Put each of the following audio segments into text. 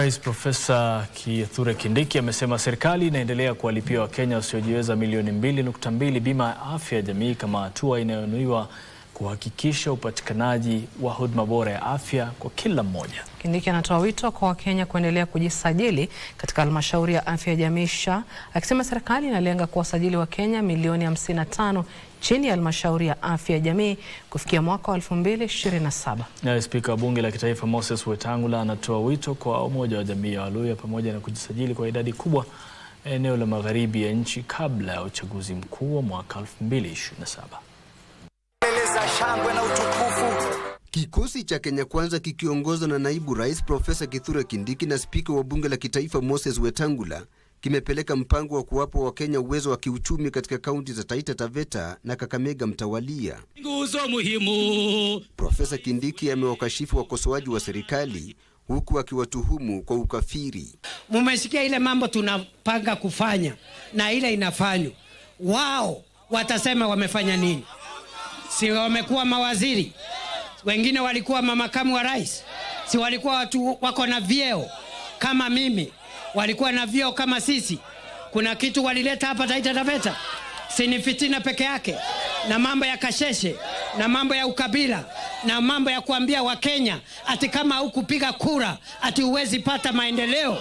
Rais Profesa Kithure Kindiki amesema serikali inaendelea kuwalipia Wakenya wasiojiweza milioni mbili nukta mbili bima ya afya ya jamii kama hatua inayonuiwa kuhakikisha upatikanaji wa huduma bora ya afya kwa kila mmoja. Kindiki anatoa wito kwa Wakenya kuendelea kujisajili katika halmashauri ya afya ya jamii SHA, akisema serikali inalenga kuwasajili Wakenya milioni 55 chini ya halmashauri ya afya ya jamii kufikia mwaka wa 2027. Naye Spika wa Bunge la Kitaifa Moses Wetangula anatoa wito kwa umoja wa jamii ya Waluhya pamoja na kujisajili kwa idadi kubwa eneo la magharibi ya nchi kabla ya uchaguzi mkuu wa mwaka 2027 katika shangwe na utukufu. Kikosi cha Kenya Kwanza kikiongozwa na naibu rais Profesa Kithure Kindiki na spika wa bunge la kitaifa Moses Wetangula kimepeleka mpango wa kuwapa Wakenya uwezo wa kiuchumi katika kaunti za Taita Taveta na Kakamega mtawalia. Nguzo muhimu. Profesa Kindiki amewakashifu wakosoaji wa serikali huku akiwatuhumu kwa ukafiri. Mumesikia ile mambo tunapanga kufanya na ile inafanywa, wao watasema wamefanya nini? si wamekuwa mawaziri, wengine walikuwa mamakamu wa rais, si walikuwa watu wako na vyeo kama mimi, walikuwa na vyeo kama sisi. Kuna kitu walileta hapa Taita Taveta? Si ni fitina peke yake na mambo ya kasheshe na mambo ya ukabila na mambo ya kuambia Wakenya ati kama hukupiga kura ati huwezi pata maendeleo.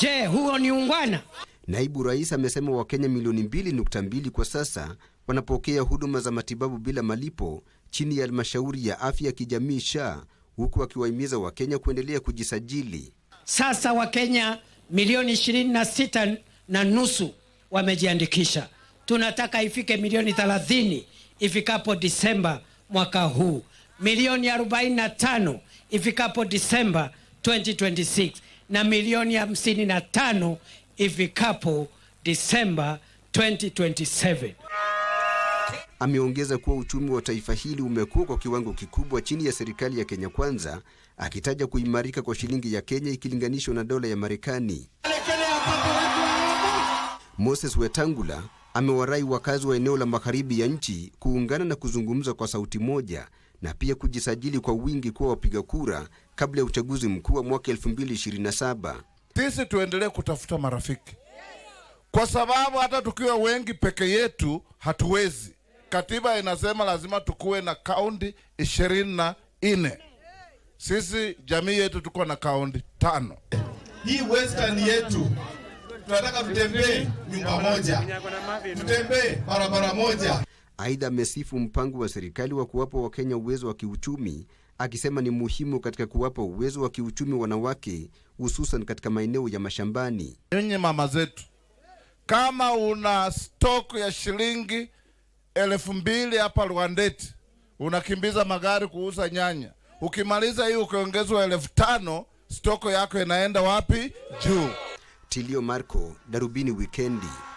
Je, huo ni ungwana? Naibu rais amesema Wakenya milioni 22 kwa sasa wanapokea huduma za matibabu bila malipo chini ya halmashauri ya afya ya kijamii SHA, huku akiwahimiza Wakenya kuendelea kujisajili. Sasa Wakenya milioni 26 na nusu wamejiandikisha. Tunataka ifike milioni 30 ifikapo Disemba mwaka huu, milioni 45 ifikapo Disemba 2026 na milioni 55 ifikapo Disemba 2027. Ameongeza kuwa uchumi wa taifa hili umekuwa kwa kiwango kikubwa chini ya serikali ya Kenya Kwanza, akitaja kuimarika kwa shilingi ya Kenya ikilinganishwa na dola ya Marekani. Moses Wetangula amewarai wakazi wa eneo la magharibi ya nchi kuungana na kuzungumza kwa sauti moja na pia kujisajili kwa wingi kuwa wapiga kura kabla ya uchaguzi mkuu wa mwaka 2027 sisi tuendelee kutafuta marafiki, kwa sababu hata tukiwa wengi peke yetu hatuwezi. Katiba inasema lazima tukuwe na kaundi ishirini na nne. Sisi jamii yetu tuko na kaundi tano. Hii western yetu tunataka tutembee nyumba moja, tutembee barabara moja. Aidha, amesifu mpango wa serikali wa kuwapa Wakenya uwezo wa kiuchumi, akisema ni muhimu katika kuwapa uwezo wa kiuchumi wanawake, hususan katika maeneo ya mashambani. Nyinyi mama zetu, kama una stok ya shilingi elfu mbili hapa Rwandeti, unakimbiza magari kuuza nyanya, ukimaliza hii ukiongezwa elfu tano stoko yako inaenda wapi? Juu. Tilio Marco, Darubini Wikendi.